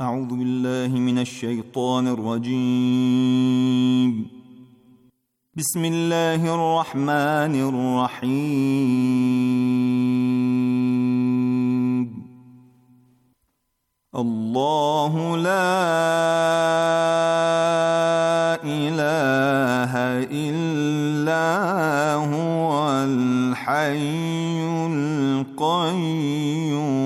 أعوذ بالله من الشيطان الرجيم بسم الله الرحمن الرحيم الله لا إله إلا هو الحي القيوم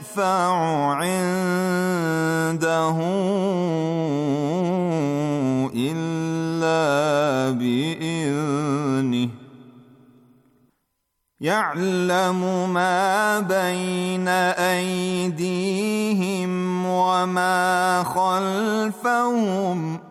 يشفع عنده إلا بإذنه يعلم ما بين أيديهم وما خلفهم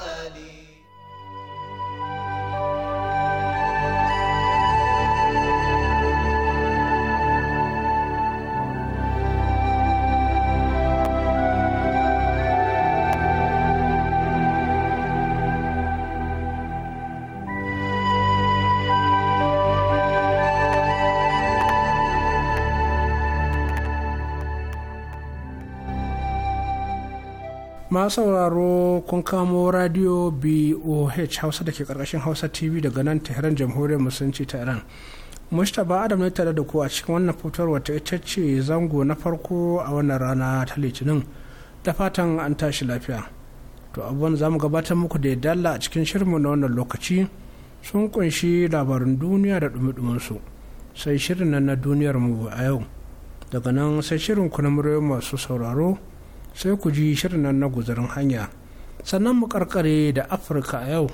ma sauraro kun kamo radio boh hausa da ke karkashin hausa tv daga nan tehran jamhuriyar musulunci ta iran mustapha adam ne tare da ku a cikin wannan fitarwa ta ita ce zango na farko a wannan rana ta litinin da fatan an tashi lafiya to abubuwan za mu gabatar muku da dalla a cikin shirinmu na wannan lokaci sun kunshi labarin duniya da dumi su sai shirin nan na duniyar mu a yau daga nan sai shirin kuna masu sauraro sai ku ji shirin nan na guzarin hanya sannan mu karkare da afirka a yau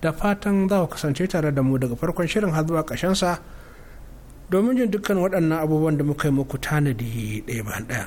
da fatan za ku kasance tare da mu daga farkon shirin har zuwa ƙashensa domin jin dukkan waɗannan abubuwan da muka yi muku tanadi ɗaya bayan ɗaya.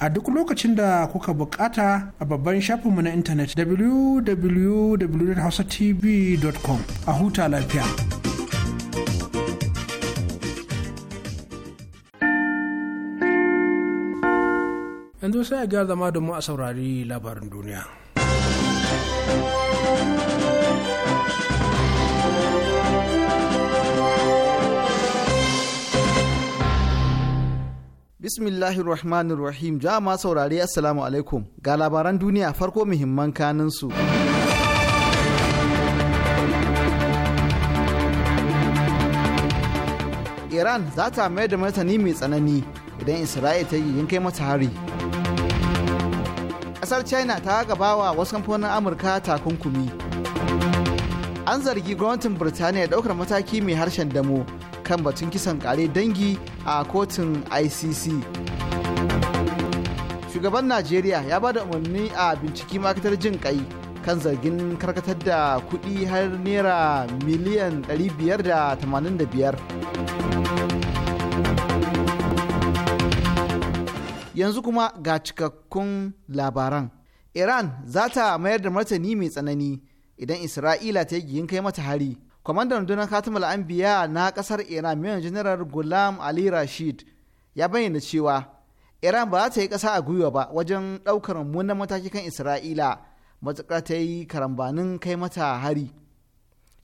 a duk lokacin da kuka bukata a babban shafinmu na intanet www.hausatv.com a huta lafiya. yanzu sai a gyara zama domin a saurari labarin duniya. Bismillahir Rahmanir Rahim. Jama'a saurare Assalamu alaikum. Ga labaran duniya farko muhimman kanin su. Iran za ta mayar da martani mai tsanani idan Isra'il ta yi kai mata hari. Kasar China ta gabawa wasu kamfanin Amurka takunkumi. An zargi gwamnatin Birtaniya ɗaukar mataki mai harshen damo kan batun kisan kare dangi a kotun icc shugaban najeriya ya ba da umarni a binciki makatar jin kai kan zargin karkatar da kuɗi har naira miliyan 585 yanzu kuma ga cikakkun labaran iran za ta mayar da martani mai tsanani idan isra'ila ta yi kai mata hari kwamandan rundunar katimul anbiya na kasar iran miyan janaral gulam ali rashid ya bayyana cewa iran ba za ta yi kasa a gwiwa ba wajen daukar munan mataki kan isra'ila matuƙar ta yi karambanin kai mata hari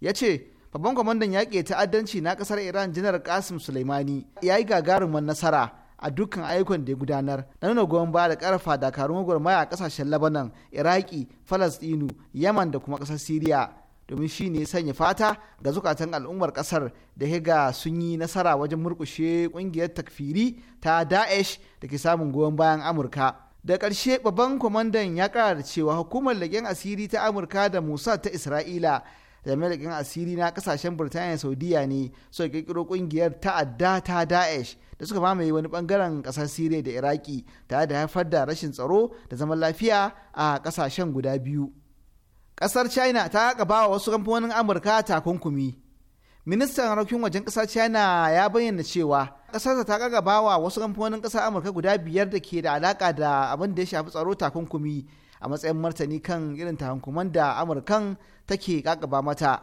ya ce babban kwamandan yaƙi ta'addanci na kasar iran janar kasim suleimani ya yi gagarumin nasara a dukkan ayyukan da ya gudanar na nuna goyon baya da da dakarun gwagwarmaya a kasashen labanan iraki falastinu yaman da kuma kasar siriya domin shi ne sanya fata ga zukatan al'ummar kasar da ga sun yi nasara wajen murkushe kungiyar takfiri ta daesh da ke samun goyon bayan amurka da ƙarshe babban kwamandan ya ƙara da cewa hukumar leƙen asiri ta amurka da musa ta isra'ila jami'ar leƙen asiri na ƙasashen birtaniya saudiya ne suka ƙirƙiro kungiyar ta'adda ta daesh da suka mamaye wani bangaren ƙasar siriya da iraki tare da haifar da rashin tsaro da zaman lafiya a ƙasashen guda biyu kasar China ta gaba wa wasu kamfanonin Amurka takunkumi. Ministan harkokin wajen kasar China ya bayyana cewa ƙasarta ta gaba wa wasu kamfanonin ƙasar Amurka guda biyar da ke da alaka da abin da ya shafi tsaro takunkumi a matsayin martani kan irin takunkuman da Amurkan take kakaba mata.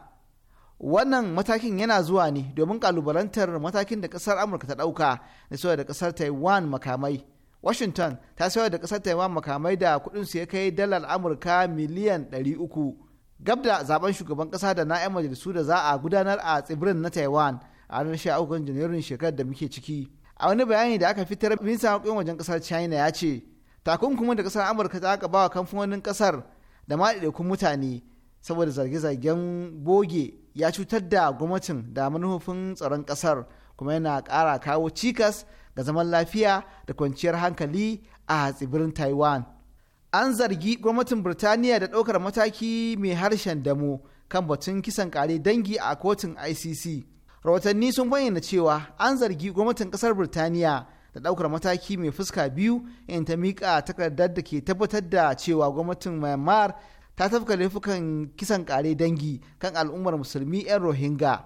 wannan matakin yana zuwa ne domin kalubalantar matakin da kasar amurka ta dauka da da kasar taiwan makamai washington ta sayar da kasar taiwan makamai da su ya kai dalar amurka miliyan 300 gab da zaben shugaban kasa da na 'yan majalisu da za a gudanar a tsibirin na taiwan a ranar uku janairun shekarar da muke ciki a wani bayani da aka fitar sa harkokin wajen kasar china ya ce takunkumin da kasar amurka ta aka bawa kamfanonin kasar da ma mutane saboda zarge-zargen boge ya cutar da gwamnatin da manufofin tsaron kasar kuma yana kara kawo cikas ga zaman lafiya da kwanciyar hankali a tsibirin taiwan an zargi gwamnatin birtaniya da ɗaukar mataki mai harshen damu kan batun kisan kare dangi a kotun icc rahotanni sun bayyana cewa an zargi gwamnatin ƙasar birtaniya da ɗaukar mataki mai fuska biyu in ta miƙa takardar da ke tabbatar da cewa gwamnatin myanmar ta tafka laifukan kisan kare dangi kan al'ummar musulmi 'yan rohingya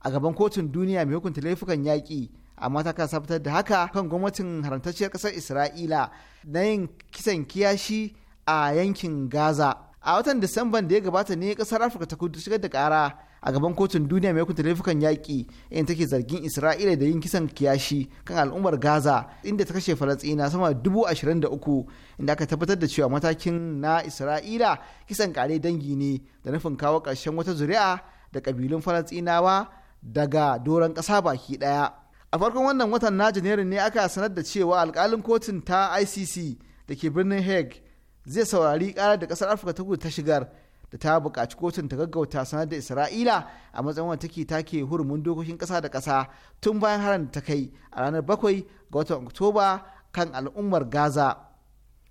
a gaban kotun duniya mai hukunta laifukan yaƙi amma ta kasabtar da haka kan gwamnatin haramtacciyar kasar isra'ila na yin kisan kiyashi a yankin gaza a watan disamban da ya gabata ne kasar afirka ta kudu shigar da kara a gaban kotun duniya mai hukunta laifukan yaƙi in take zargin isra'ila da yin kisan kiyashi kan al'ummar gaza inda ta kashe falastina sama dubu ashirin da uku inda aka tabbatar da cewa matakin na isra'ila kisan kare dangi ne da nufin kawo ƙarshen wata zuri'a da ƙabilun falasɗinawa daga doron ƙasa baki ɗaya a farkon wannan watan na janairu ne aka sanar da cewa alkalin kotun ta icc da ke birnin hague zai saurari karar da kasar afirka ta kudu ta shigar da ta buƙaci kotun ta gaggauta sanar da isra'ila a matsayin wanda take ke hurumin dokokin kasa da kasa tun bayan harin da ta kai a ranar bakwai ga watan oktoba kan al'ummar gaza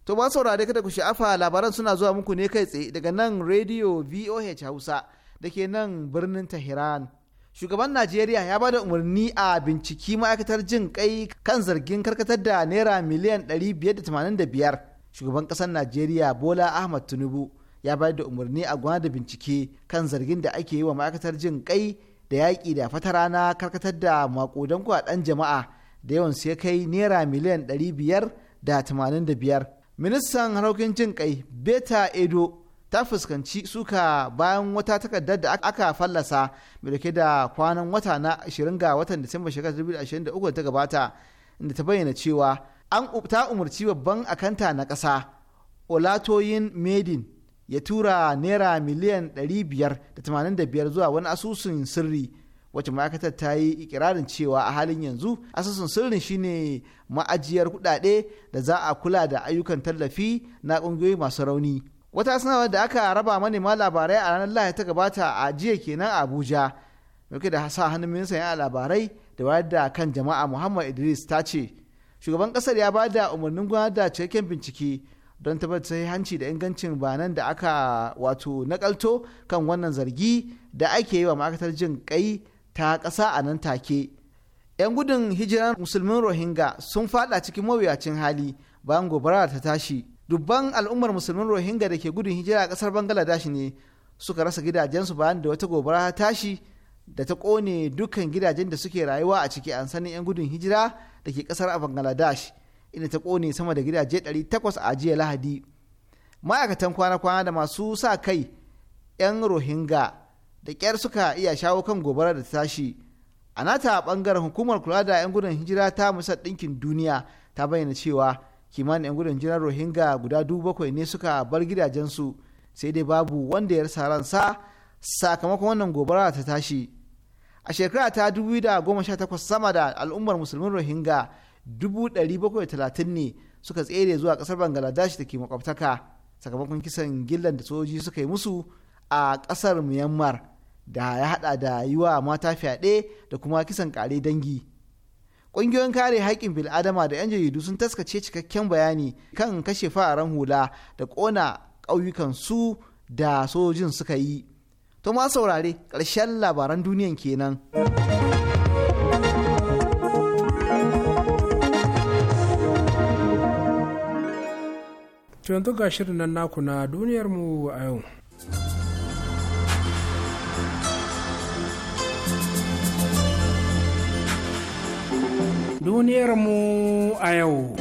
to ba saurare kada ku sha'afa labaran suna zuwa muku ne kai tsaye daga nan radio voh hausa da ke nan birnin tehran shugaban najeriya ya bada umarni a binciki ma'aikatar jin kai kan zargin karkatar da naira miliyan 585 shugaban kasar najeriya bola ahmad tinubu ya bayar da umarni a gwana da bincike kan zargin da ake yi wa ma'aikatar jin kai da yaƙi da fata rana karkatar da maƙudan kwaɗan jama'a da yawan sai kai naira miliyan 585 ministan harkokin jin kai beta edo ta fuskanci suka bayan wata takardar da aka fallasa mai dauke da kwanan wata na 20 ga watan Disamba shekarar 2023 ta gabata inda ta bayyana cewa an ta umarci babban akanta na ƙasa Olatoyin Medin ya tura naira miliyan 585 zuwa wani asusun sirri wacce ma'aikatar ta yi ikirarin cewa a halin yanzu asusun sirrin shine ma'ajiyar kudade da za a kula da ayyukan tallafi na ƙungiyoyi masu rauni. wata sanarwa da aka raba manema labarai a ranar lahadi ta gabata a jiya kenan abuja dauke da sa hannun ministan ya labarai da wayar da kan jama'a muhammad idris ta ce shugaban kasar ya ba da umarnin gudanar da cikakken bincike don tabbatar hanci da ingancin banan da aka wato nakalto kan wannan zargi da ake yi wa ma'aikatar jin kai ta kasa a nan take 'yan gudun hijiran musulmin rohingya sun fada cikin mawuyacin hali bayan gobara ta tashi dubban al'ummar musulmin rohingya da ke gudun hijira a kasar bangladesh ne suka rasa gidajensu bayan da wata gobara ta tashi da ta kone dukkan gidajen da suke rayuwa a ciki an sanin 'yan gudun hijira da ke kasar bangladesh inda ta kone sama da gidaje 800 a jiya lahadi ma'aikatan kwana-kwana da masu sa kai 'yan rohingya da kyar suka iya shawo kan gobara da ta tashi a nata bangaren hukumar kula da 'yan gudun hijira ta musa ɗinkin duniya ta bayyana cewa kimanin 'yan gudun jiran rohingya guda dubu bakwai ne suka bar gidajensu sai dai babu wanda ya rasa ransa sakamakon wannan gobara ta tashi a shekara ta 2018 sama da al'ummar musulmin rohingya 730 ne suka tsere zuwa kasar bangladesh da ke makwabtaka sakamakon kisan gillan da sojoji suka yi musu a kasar myanmar da ya hada da yi wa mata fyaɗe da kuma kisan kare dangi ƙungiyoyin kare haƙƙin bil'adama da 'yan jaridu sun taskace cikakken bayani kan kashe fararen hula da ƙona ƙauyukan su da sojin suka yi. To ma saurare ƙarshen labaran duniyan kenan. Tuyantu ga shirin nan naku na duniyarmu a yau. Duniyarmu a yau.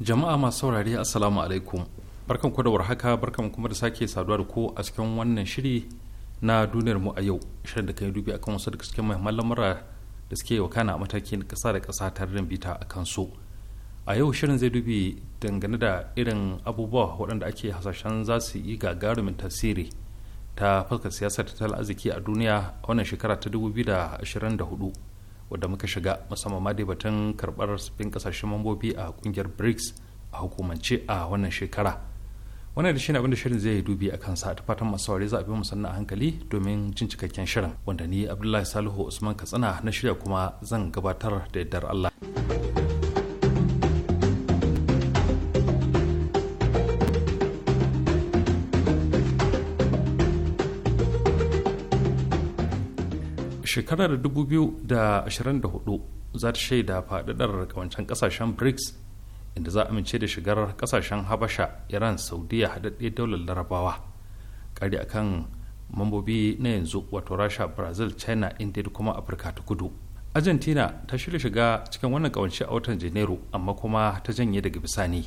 Jama'a masu saurari Assalamu alaikum. Barkan ku da warhaka, barkan kuma da sake saduwa da ku a cikin wannan shiri na duniyarmu a yau. Shirin da kan yi dubi akan wasu daga cikin muhimman lamura da suke wakana a matakin ƙasa da ƙasa tare da bita a kansu. A yau shirin zai dubi dangane da irin abubuwa waɗanda ake hasashen za su yi gagarumin tasiri. ta fuskar siyasar tattalin arziki a duniya a wannan shekara ta 2024 wadda muka shiga musamman ma batun karbar sabbin kasashen mambobi a kungiyar brics a hukumance a wannan shekara wannan da shine abinda shirin zai yi dubi a kansa ta fatan masu saurari za a bi mu sannan a hankali domin jin cikakken shirin wanda ni abdullahi salihu usman katsina na shirya kuma zan gabatar da yardar allah shekarar 2024 za ta shaida faɗaɗar kawancen ƙasashen brics inda za a amince da shigar ƙasashen habasha iran saudiya haɗaɗɗe daular larabawa ƙari kan mambobi na yanzu wato rasha brazil china india da kuma afirka ta kudu argentina ta shirya shiga cikin wannan kawance a watan janairu amma kuma ta janye daga bisani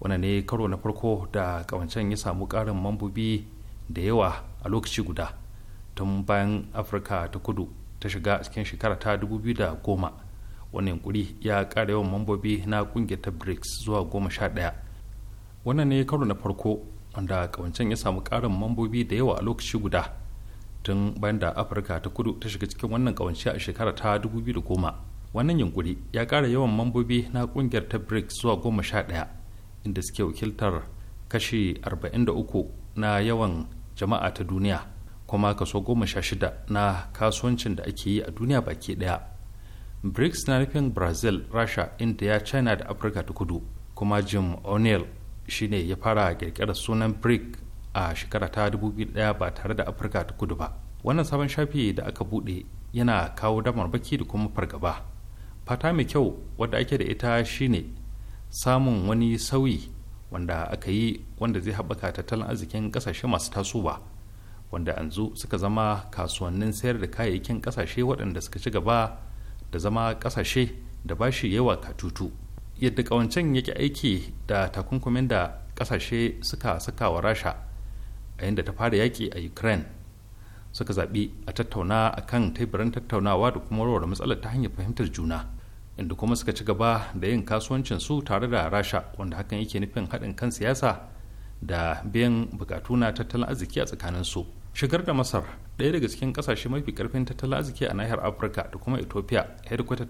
wannan ne karo na farko da kawancen ya samu ƙarin mambobi da yawa a lokaci guda tun bayan afirka ta kudu ta shiga cikin shekara ta 2010 wani yankuri ya kara yawan mambobi na kungiyar ta brics zuwa goma wannan ne karo na farko wanda kawancen ya samu karin mambobi da yawa a lokaci guda tun bayan da afirka ta kudu ta shiga cikin wannan kawance a shekara ta 2010 wannan yankuri ya kara yawan mambobi na kungiyar ta brics zuwa goma sha ɗaya inda suke wakiltar kashi 43 na yawan jama'a ta duniya kuma kaso goma sha shida na kasuwancin da ake yi a duniya baki daya brics na nufin brazil rasha india china da afirka ta kudu kuma jim o'neill shine ya fara kirkirar sunan bric a shekara ta 2001 ba tare da afirka ta kudu ba wannan sabon shafi da aka bude yana kawo damar baki da kuma fargaba fata mai kyau wadda ake da ita shine samun wani sauyi wanda aka yi wanda zai haɓaka tattalin arzikin ƙasashe masu tasowa wanda yanzu suka zama kasuwannin sayar da kayayyakin kasashe waɗanda suka ci gaba da zama kasashe da ba shi yawa katutu yadda ƙawancen yake aiki da takunkumin da kasashe suka saka wa rasha a yadda ta fara yaƙi a ukraine suka zaɓi a tattauna a kan teburin tattaunawa da kuma rawar matsalar ta hanyar fahimtar juna inda kuma suka ci gaba da yin kasuwancin su tare da rasha wanda hakan yake nufin haɗin kan siyasa da biyan bukatu na tattalin arziki a tsakanin su shigar da masar ɗaya daga cikin ƙasashe mafi ƙarfin tattalin arziki a nahiyar afirka da kuma ethiopia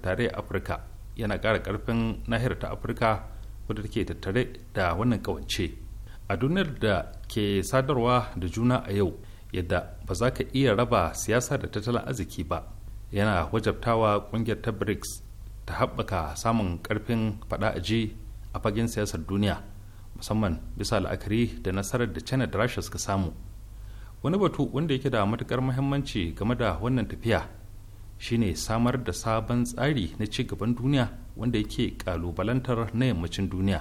tare a afirka yana ƙara ƙarfin nahiyar ta afirka wadda take tattare da wannan ƙawance a duniyar da ke sadarwa da juna a yau yadda ba za ka iya raba siyasa da tattalin arziki ba yana wajabtawa ƙungiyar ta brics ta haɓaka samun ƙarfin faɗa a ji a fagen siyasar duniya musamman bisa la'akari da nasarar da china da rasha suka samu wani batu wanda yake da matukar muhimmanci game da wannan tafiya shine samar da sabon tsari na ci gaban duniya wanda yake kalubalantar na yammacin duniya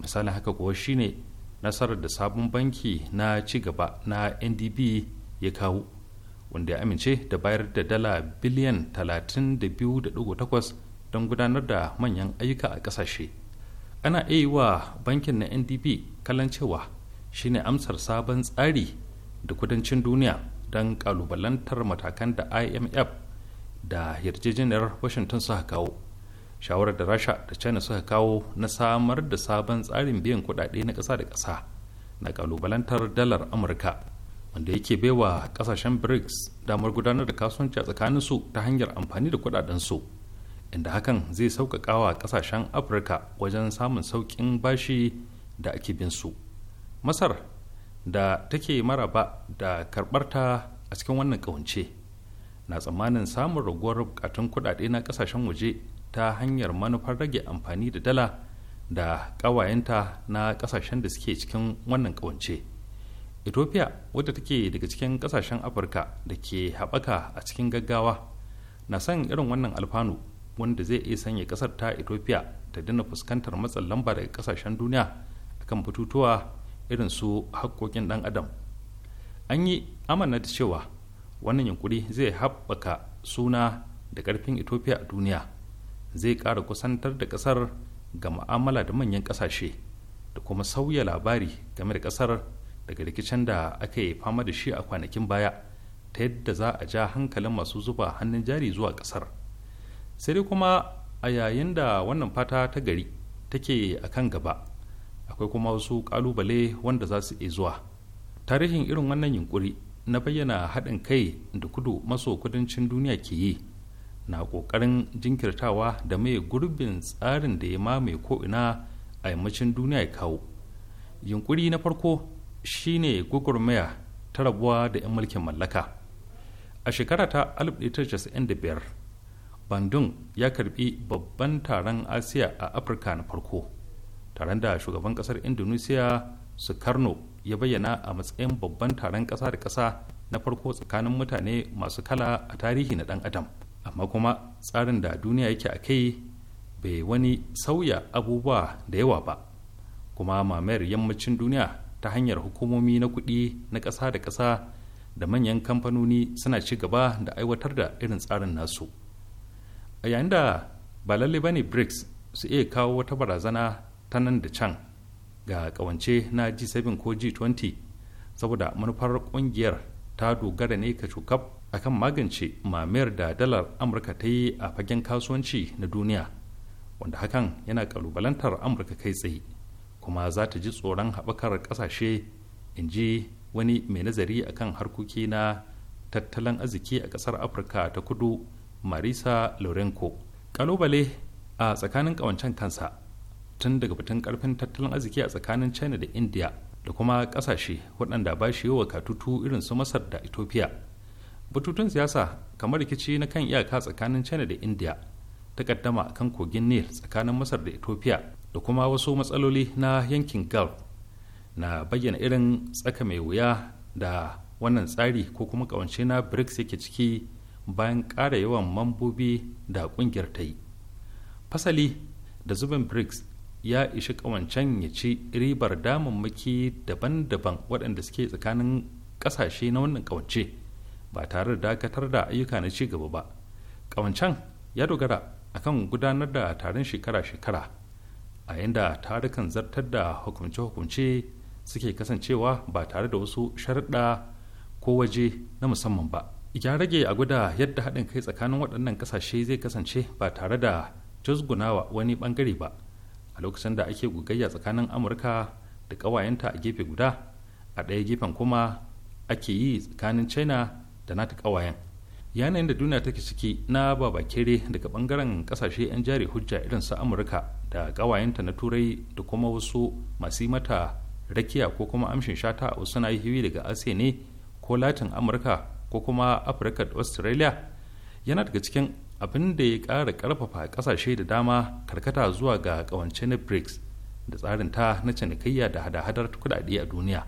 misalin haka kuwa shine nasarar da sabon banki na ci gaba na ndb ya kawo wanda ya amince da bayar da dala biliyan 32.8 don gudanar da manyan ayyuka a kasashe ana iya yi wa bankin na ndb kalan cewa shine amsar sabon tsari da kudancin duniya don kalubalantar matakan da imf da yarjejeniyar washington suka kawo shawarar da rasha da china suka kawo na samar da sabon tsarin biyan kudade na ƙasa da ƙasa na kalubalantar dalar amurka wanda yake baiwa kasashen brics damar gudanar da kasuwanci a tsakaninsu ta hanyar amfani da kudadensu inda hakan zai sauƙaƙa wa kasashen afirka wajen samun sauƙin bashi da ake bin su masar da take maraba da karbarta a cikin wannan kawance na tsammanin samun raguwar bukatun kudade na kasashen waje ta hanyar manufar rage amfani da dala da ƙawayenta na kasashen da suke cikin wannan ƙawance ethiopia wadda take daga cikin kasashen afirka da ke haɓaka a cikin gaggawa na son irin wannan alfanu wanda zai iya sanya kasar ta ethiopia ta dina fuskantar matsin lamba daga kasashen duniya akan bututuwa. irin su haƙƙoƙin ɗan adam an yi amana da cewa wannan yunkuri zai haɓaka suna da ƙarfin ethiopia a duniya zai ƙara kusantar da ƙasar ga ma'amala da manyan ƙasashe da kuma sauya labari game da ƙasar daga rikicin da aka yi fama da shi a kwanakin baya ta yadda za a ja hankalin masu zuba hannun jari zuwa ƙasar sai dai kuma a yayin da wannan fata ta gari take a kan gaba akwai kuma wasu kalubale wanda za su iya zuwa tarihin irin wannan yunkuri na bayyana haɗin kai da kudu maso kudancin duniya ke yi na ƙoƙarin jinkirtawa da mai gurbin tsarin da ya mamaye ko'ina a yammacin duniya ya kawo yunkuri na farko shine gwagwarmaya ta rabuwa da 'yan mulkin mallaka a shekara ta 1995 bandung ya karbi babban taron asiya a afirka na farko taron da shugaban kasar su sukarno ya bayyana a matsayin babban taron kasa da kasa na farko tsakanin mutane masu kala a tarihi na dan adam amma kuma tsarin da duniya yake a kai bai wani sauya abubuwa da yawa ba kuma mamayar yammacin duniya ta hanyar hukumomi na kuɗi na ƙasa da ƙasa da manyan kamfanoni suna ci gaba da aiwatar da irin tsarin nasu a yayin da ba lalle ne brics su iya kawo wata barazana ta nan da can ga kawance na g7 ko g20 saboda manufar kungiyar ta dogara ne ka cukab akan magance mamayar da dalar amurka ta yi a fagen kasuwanci na duniya wanda hakan yana kalubalantar amurka kai tsaye kuma za ta ji tsoron haɓakar ƙasashe in ji wani mai nazari a kan harkoki na tattalin arziki a ƙasar afirka ta kudu marisa lorenko kalubale a tsakanin ƙawancen kansa tun daga batun karfin tattalin arziki a tsakanin china da india da kuma kasashe waɗanda ba shi yawa katutu irin su masar da ethiopia batutun siyasa kamar rikici na kan iyaka tsakanin china da india takaddama kan kogin nil tsakanin masar da ethiopia da kuma wasu matsaloli na yankin gulf na bayyana irin tsaka mai wuya da wannan tsari ko kuma kawance na brics yake ciki bayan ƙara yawan mambobi da ƙungiyar ta yi fasali da zubin brics ya ishi kawancen ya ci ribar damammaki daban-daban waɗanda suke tsakanin ƙasashe na wannan kawance ba tare da dakatar da ayyuka na ci gaba ba kawancen ya dogara a kan gudanar da taron shekara-shekara a yadda tarukan zartar da hukunce-hukunce suke kasancewa ba tare da wasu sharaɗa ko waje na musamman ba ya rage a guda yadda haɗin kai tsakanin waɗannan ƙasashe zai kasance ba tare da wa wani ɓangare ba a lokacin da ake gugayya tsakanin amurka da kawayenta a gefe guda a ɗaya gefen kuma ake yi tsakanin china da nata kawayen yanayin da duniya take ciki na babakere daga bangaren kasashe 'yan jari hujja irin su amurka da kawayenta na turai da kuma wasu masu mata rakiya ko kuma amshin shata a wasu nahiyoyi daga asiya ne ko latin amurka ko kuma afirka da australia yana daga cikin abin da ya ƙara ƙarfafa ƙasashe da dama karkata zuwa ga ƙawance na brics da tsarin ta na cinikayya da hada-hadar kudade a duniya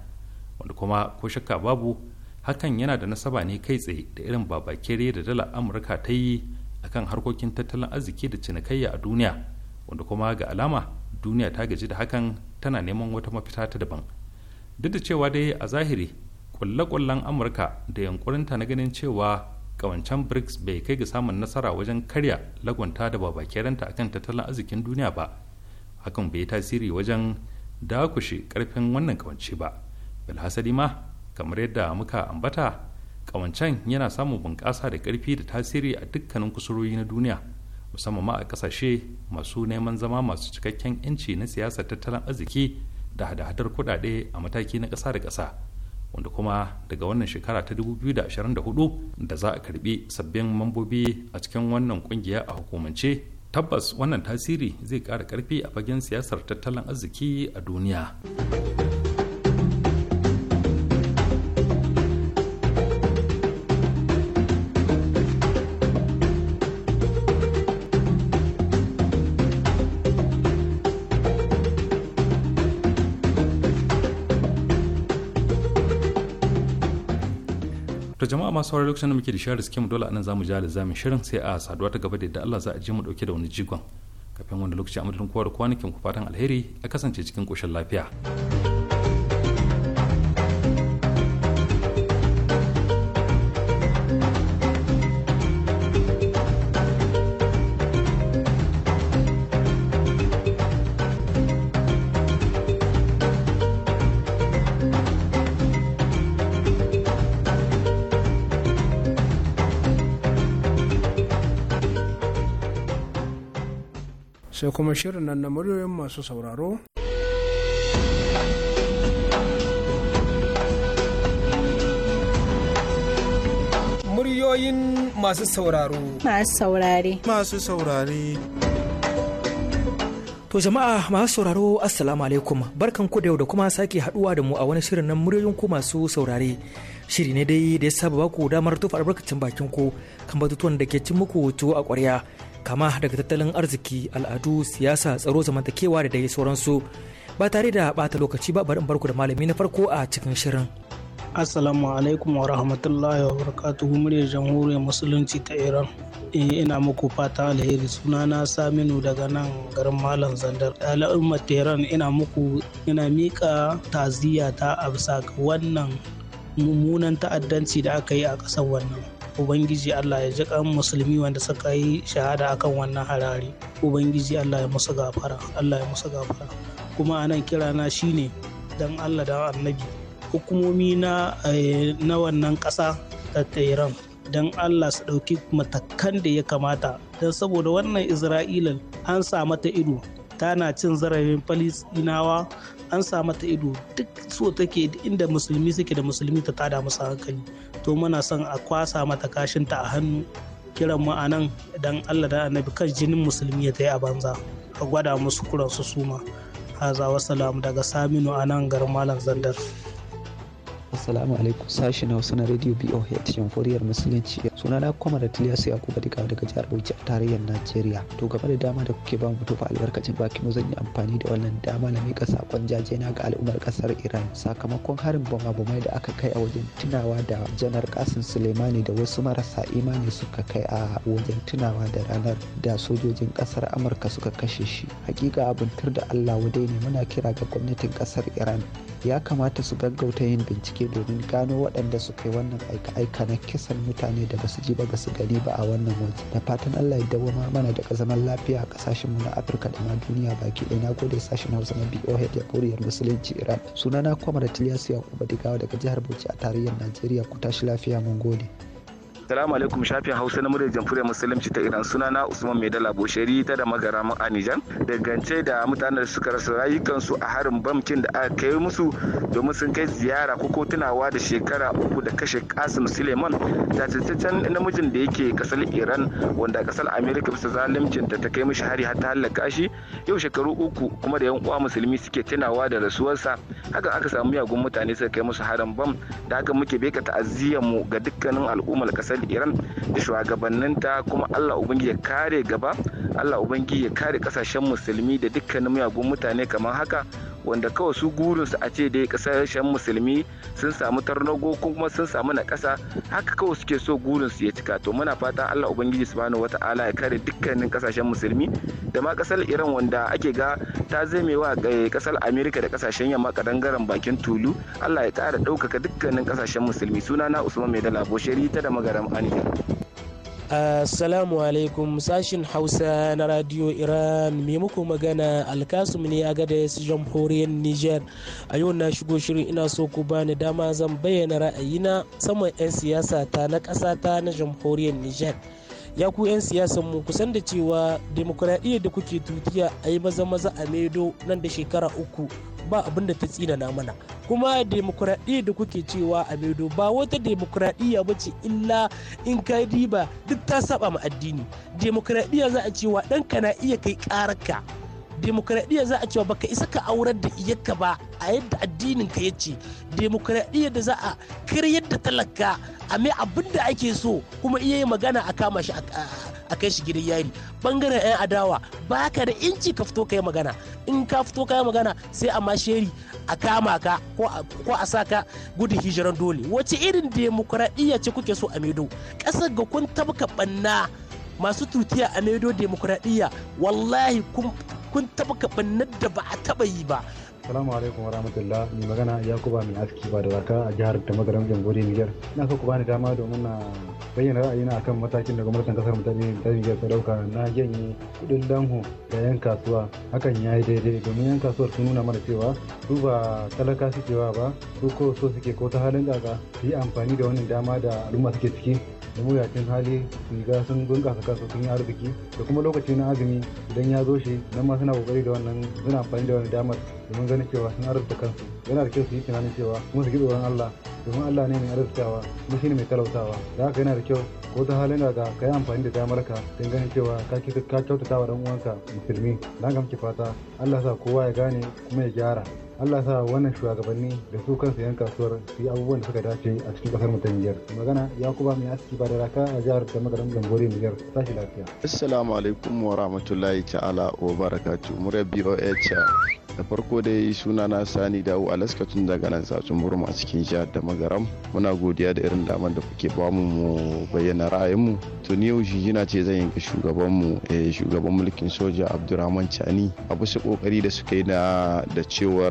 wanda kuma ko shakka babu hakan yana da nasaba ne kai tsaye da irin babakere da dala amurka ta yi akan harkokin tattalin arziki da cinikayya a duniya wanda kuma ga alama duniya ta gaji da hakan tana neman wata mafita ta daban duk da cewa dai a zahiri kulle-kullen amurka da yankurinta na ganin cewa kawancan brics bai kai ga samun nasara wajen karya lagwanta da ranta akan tattalin arzikin duniya ba hakan bai tasiri wajen dakushe karfin wannan kawance ba bilhassadi ma kamar yadda muka ambata kawancan yana samun bunƙasa da ƙarfi da tasiri a dukkanin kusurori na duniya musamman ma a ƙasashe masu neman zama masu cikakken 'yanci na siyasar tattalin arziki da hada-hadar kuɗaɗe a mataki na ƙasa da ƙasa wanda kuma daga wannan shekara ta 2024 da za a karbi sabbin mambobi a cikin wannan kungiya a hukumance tabbas wannan tasiri zai kara ƙarfi a fagen siyasar tattalin arziki a duniya. to jama'a masu sauraron lokacin da muke da shirin suke mu dole anan zamu ji alizamin shirin sai a saduwa ta gaba da yadda Allah za a je mu dauke da wani jigon kafin wani lokaci a madadin kowa da kwanakin ku fatan alheri a kasance cikin koshin lafiya. sai kuma shirin nan na muryoyin masu sauraro muryoyin masu sauraro masu saurare masu saurare To jama'a masu sauraro assalamu alaikum barkan ku da yau da kuma sake haduwa da mu a wani shirin nan muryoyin ku masu saurare shiri ne dai da ya saba baku damar tufa albarkacin bakin ku kan batutuwan da ke cin muku to a ƙwarya kama daga tattalin arziki al'adu siyasa tsaro zamantakewa da dai sauransu ba tare da bata lokaci ba bari barku da malami na farko a cikin shirin Assalamu alaikum wa rahmatullahi wa barakatuhu muryar jamhuriyar musulunci ta Iran. Eh, ina muku fata alheri suna na Saminu daga nan garin Malam Zandar. Al'ummar Tehran ina muku ina mika taziya ta a bisa wannan mummunan ta'addanci da aka yi a ƙasar wannan. ubangiji allah ya jiƙan musulmi wanda suka yi shahada akan wannan harare ubangiji allah ya musu gafara allah ya musu gafara kuma anan kirana shine dan allah da annabi hukumomi na eh, na wannan ƙasa ta tehran don allah su ɗauki matakan da ya kamata don saboda wannan isra'ila an samu ta ido tana cin zarafin falisinawa an samu ta ido duk so take inda musulmi suke da musulmi ta tada musu hankali to muna son a kwasa mata kashinta a hannu kiran mu anan dan allah da annabi kan jinin musulmi ya ta a banza a gwada musu kuransu suma haza wasu daga saminu a nan garin malam zandar Assalamu alaikum sashi na wasu na Radio BOH Jamhuriyar Musulunci. Suna na koma da Tiliyasu Yakubu Dika daga jihar Bauchi a tarayyar Najeriya. To game da dama da kuke ba mu tufa albarkacin baki mu zan yi amfani da wannan dama na mika sakon na ga al'ummar kasar Iran sakamakon harin bama-bamai da aka kai a wajen tunawa da janar Kasim Suleimani da wasu marasa imani suka kai a wajen tunawa da ranar da sojojin kasar Amurka suka kashe shi. Hakika abin tur da Allah wadai ne muna kira ga gwamnatin kasar Iran ya kamata su gaggauta yin bincike domin gano waɗanda suka yi wannan aika-aika na kisan mutane da basu ji ba ga su gani ba a wannan waje da fatan allah ya dawo mana da zaman lafiya a ƙasashen mu na afirka da ma duniya baki ɗaya na gode sashen hausa na boh ya koriyar musulunci iran sunana kwamar tiliyasu yakuba digawa daga jihar bauchi a tarayyar najeriya ku tashi lafiya mun gode. Salamu alaikum shafin Hausa na muryar jamhuriyar musulunci ta Iran suna na Usman dala Bosheri ta da magaramin a Nijar dangance da mutanen da suka rasa rayukansu a harin bamkin da aka kai musu domin sun kai ziyara ko tunawa da shekara uku da kashe Kasim Suleiman jajirtaccen namijin da yake kasar Iran wanda kasar Amerika bisa zalimcin da ta kai mishi hari har ta halaka shi yau shekaru uku kuma da yan uwa musulmi suke tunawa da rasuwarsa haka aka samu yagun mutane suka kai musu harin bam da haka muke beka ta'aziyyar mu ga dukkanin al'ummar kasar kasar iran da shugabanninta kuma allah ubangiji ya kare gaba allah ubangiji ya kare kasashen musulmi da dukkanin miyagun mutane kamar haka wanda kawai su gurinsu a ce dai kasashen musulmi sun samu tarnago ko kuma sun samu na ƙasa haka kawai suke so gurinsu ya cika to muna fata Allah ubangiji subhanahu wata'ala ya kare dukkanin kasashen musulmi da ma kasar Iran wanda ake ga ta zamewa ga eh, kasar Amerika da kasashen yamma kadangaren bakin tulu Allah ya ƙara ɗaukaka dukkanin kasashen musulmi sunana Usman Maidala Bosheri ta da magaram Anijar. Assalamu alaikum sashin Hausa na Radio Iran mai muku magana Alkasum ne a gada jamhuriyar Niger. A yau na shigo shirin ina so ku bani dama zan bayyana ra'ayina saman 'yan siyasa ta na ƙasata na jamhuriyar Niger. ya ku 'yan siyasan mu kusan da cewa demokuraɗiyyar da kuke tutiya a yi maza maza a maido nan da shekara uku ba abin da ta tsinana mana kuma demokuraɗiyya da kuke cewa a maido ba wata demokuraɗiyya ba ce illa in ka riba duk ta saba ma addini demokuraɗiyya za a cewa ɗanka na iya kai ƙararka demokradiyya za a cewa baka isa ka aurar da iyaka ba a yadda addinin ka yace demokradiyya da za a karyar da talaka a mai abin da ake so kuma iya magana a kama shi a a kai shi gidan yari bangaren 'yan adawa baka da inci ka fito kai magana in ka fito kai magana sai a masheri a kama ka ko a sa ka gudu hijiran dole wace irin demokuraɗiyya ce kuke so a medo ƙasar ga kun tabka ɓanna masu tutiya a medo demokuraɗiyya wallahi kun tabka banna da ba a taɓa yi ba Assalamu alaikum wa rahmatullah mai magana Yakuba mai aski ba da zaka a jihar ta magaram jamhuriyar Niger. Na so ku bani dama domin na bayyana ra'ayina akan matakin da gwamnatin kasar mu ta Niger ta dauka na janye kudin danho da yan kasuwa hakan ya yi daidai domin yan kasuwar sun nuna mana cewa su ba talaka suke wa ba su ko so suke ko ta halin kaka su yi amfani da wannan dama da al'umma suke ciki da yakin hali riga sun bunƙasa kansu sun yi arziki da kuma lokaci na azumi idan ya zo shi nan ma suna kokari da wannan suna amfani da wani damar domin ganin cewa sun arzuta kansu yana da kyau su yi tunanin cewa kuma su ji tsoron Allah domin Allah ne mai arzikawa kuma ne mai talautawa da haka yana da kyau ko ta halin da ka yi amfani da damar ka don ganin cewa ka kyautata wa dan uwanka musulmi dan ga muke fata Allah sa kowa ya gane kuma ya gyara Allah sa wannan shugabanni da su kansu yan kasuwar su yi abubuwan da suka dace a cikin kasar mu ta Nijar. Magana Yakuba mai aski ba da raka a jihar da magaran Gambore Nijar. Tashi lafiya. Assalamu alaikum wa rahmatullahi ta'ala wa barakatuh. Murar BOH da farko dai suna na sani dawo a tun daga nan satsun burma a cikin jihar da magaram muna godiya da irin damar da kuke bamu mu bayyana ra'ayinmu to ni yau yana ce zan yanka mu eh, shugaban mulkin soja abdurrahman chani a bisa kokari da suka yi na da cewar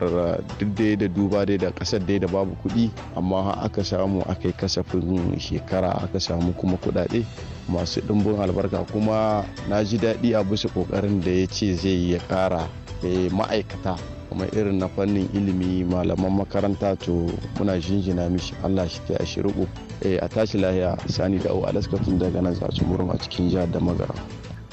duk dai da duba dai da kasar dai da babu kuɗi amma aka samu aka yi kasafin shekara aka samu kuma kuɗaɗe masu ɗimbin albarka kuma na ji daɗi a bisa ƙoƙarin da ya ce zai ya ƙara eh, ma'aikata kuma irin na fannin ilimi malaman makaranta to muna jinjina mishi allah shi ta shi eh, a tashi lahiya sani da a tun daga nan tsatsun a cikin jihar da magara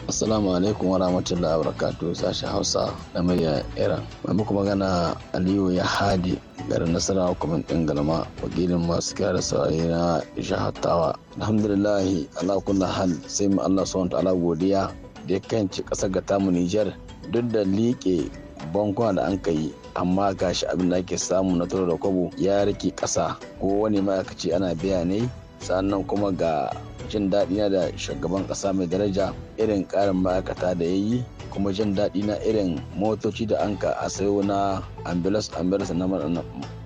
Assalamu alaikum wa rahmatullahi wa barakatuh sashen Hausa na murya Iran. Mai muku magana Aliyu ya hadi garin nasara hukumin ɗin galama. wakilin masu kyara da saurari na jihatawa. Alhamdulillah ala hal sai mu Allah subhanahu ta'ala godiya da ya kanci kasar ga tamu nijar duk da liƙe bankuna da an kai amma gashi abin da ake samu na taro da kwabo ya rike ƙasa ko wani ma'aikaci ana biya ne sannan kuma ga jin daɗi na da shugaban ƙasa mai daraja irin ƙarin ma'aikata da ya yi kuma jin daɗi na irin motoci da an a sayo na ambulance ambulance na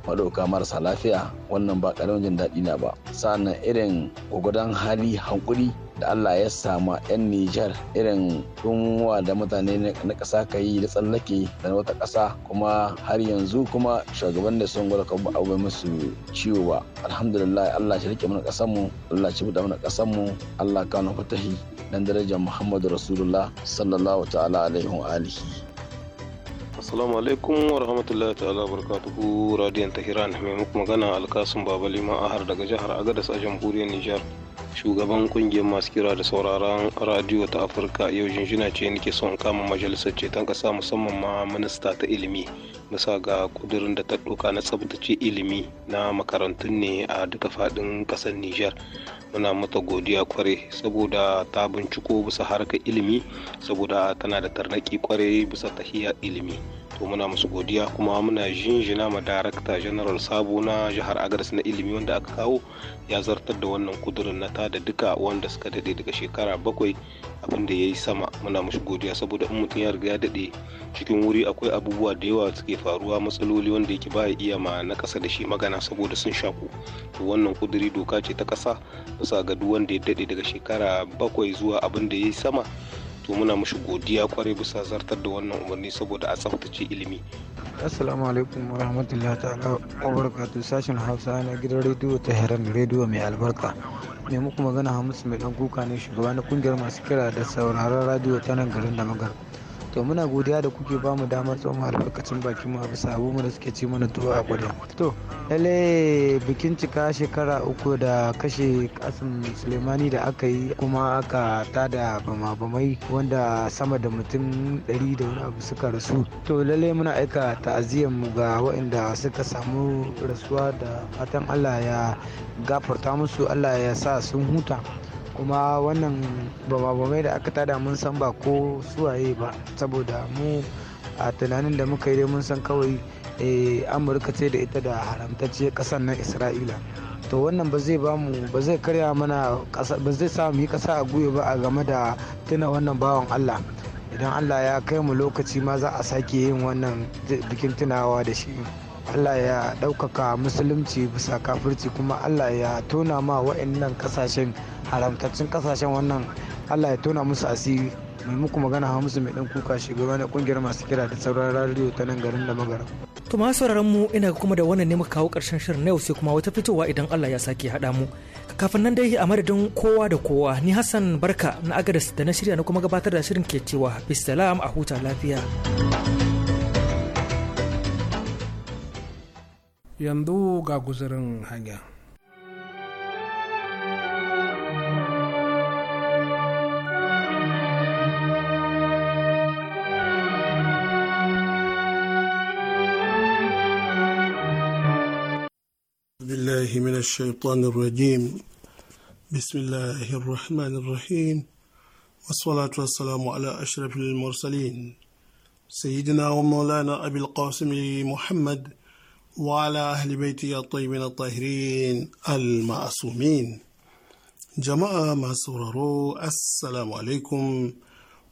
maɗauka marasa lafiya wannan ba ƙaramin jin daɗi na ba sa'annan irin gwagwadon hali hankuri da Allah ya sama 'yan Nijar irin kunwa da mutane na ƙasa ka yi da tsallake da wata ƙasa kuma har yanzu kuma shugaban da sun gwada kan abu musu ciwo ba alhamdulillah Allah shi rike mana ƙasar mu Allah shi buɗa mana ƙasar mu Allah kana fatahi tahi dan darajar Muhammadu Rasulullah sallallahu ta'ala alaihi wa alihi assalamu alaikum wa rahmatullahi ta'ala barakatuhu radiyan tahiran mai muku magana alkasun baba liman ahar daga jihar agadas a jamhuriyar nijar shugaban ƙungiyar masu kira da sauraron radiyo ta afirka yau jinjina ce nake son kama majalisar ceton kasa musamman ma minista ta ilimi bisa ga kudurin da ta ɗauka na tsabtace ilimi na makarantun ne a duka faɗin ƙasar nijar muna mata godiya kware saboda ta binciko bisa harkar ilimi saboda tana da tarnaki kware bisa tahiyar ilimi to muna musu godiya kuma muna jinjina ma darakta general sabo na jihar agadas na ilimi wanda aka kawo ya zartar da wannan kudurin na ta da duka wanda suka dade daga shekara bakwai abin da ya yi sama muna musu godiya saboda in mutum ya riga ya daɗe cikin wuri akwai abubuwa da yawa suke faruwa matsaloli wanda yake baya iya ma na kasa da shi magana saboda sun shaku to wannan kuduri doka ce ta kasa bisa ga duk wanda ya dade daga shekara bakwai zuwa abin da ya yi sama to muna mashi godiya kwarai bisa zartar da wannan umarni saboda a tsaftace ilimi assalamu alaikum wa rahmatullahi ta'ala wa barakatuh sashen hausa na gidan rediyo ta heran rediyo mai albarka me muku magana hamisu mai dan kuka ne shugaba na kungiyar masu kira da sauraron radiyo ta nan garin da magar to muna godiya da kuke bamu damar tsoma albarkacin bakin mu a bisa abubuwan da suke ci mana tuwo a gudun to lalle bikin cika shekara uku da kashe kasan sulemani da aka yi kuma aka tada bama-bamai wanda sama da mutum 100 da wani abu suka rasu to lalle muna aika ta'aziyyar mu ga waɗanda suka samu rasuwa da fatan allah ya gafarta musu allah ya sa sun huta kuma wannan bama-bamai da aka tada mun san ba ko suwaye ba saboda mu a tunanin da muka yi dai mun san kawai eh, amurka ce da ita da haramtacciyar kasar nan isra'ila to wannan ba zai bamu karya mana ba zai sa mu yi ƙasa a guye ba a game da tuna wannan bawan allah idan allah ya kai mu lokaci ma za a sake yin wannan bikin tunawa da shi Allah ya ɗaukaka musulunci bisa kafirci kuma Allah ya tona ma wa'annan kasashen haramtaccen kasashen wannan Allah ya tona musu asiri mai muku magana musu mai dan kuka shugaba na kungiyar masu kira da sauran radiyo ta nan garin da magara. to sauraron mu ina kuma da wannan ne muka kawo karshen shirin na yau sai kuma wata fitowa idan Allah ya sake haɗa mu kafin nan dai a madadin kowa da kowa ni Hassan Barka na Agadas da na shirya na kuma gabatar da shirin ke cewa bisalam a huta lafiya. yanzu ga guzurin hanya بالله من الشيطان الرجيم بسم الله الرحمن الرحيم والصلاة والسلام على أشرف المرسلين سيدنا ومولانا أبي القاسم محمد وعلى أهل بيته الطيبين الطاهرين المعصومين jama'a masu sauraro assalamu alaikum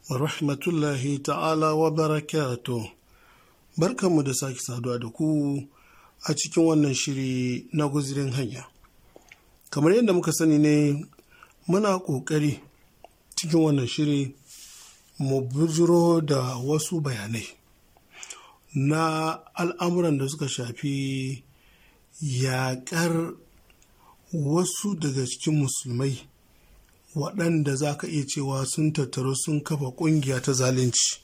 wa rahmatullahi ta'ala wa barakato barkanmu da sake saduwa da ku a cikin wannan shiri na guzirin hanya kamar yadda muka sani ne muna ƙoƙari cikin wannan shiri mu bujiro da wasu bayanai na al'amuran da suka shafi yaƙar wasu daga cikin musulmai waɗanda za ka iya cewa sun tattaru sun kafa ƙungiya ta zalunci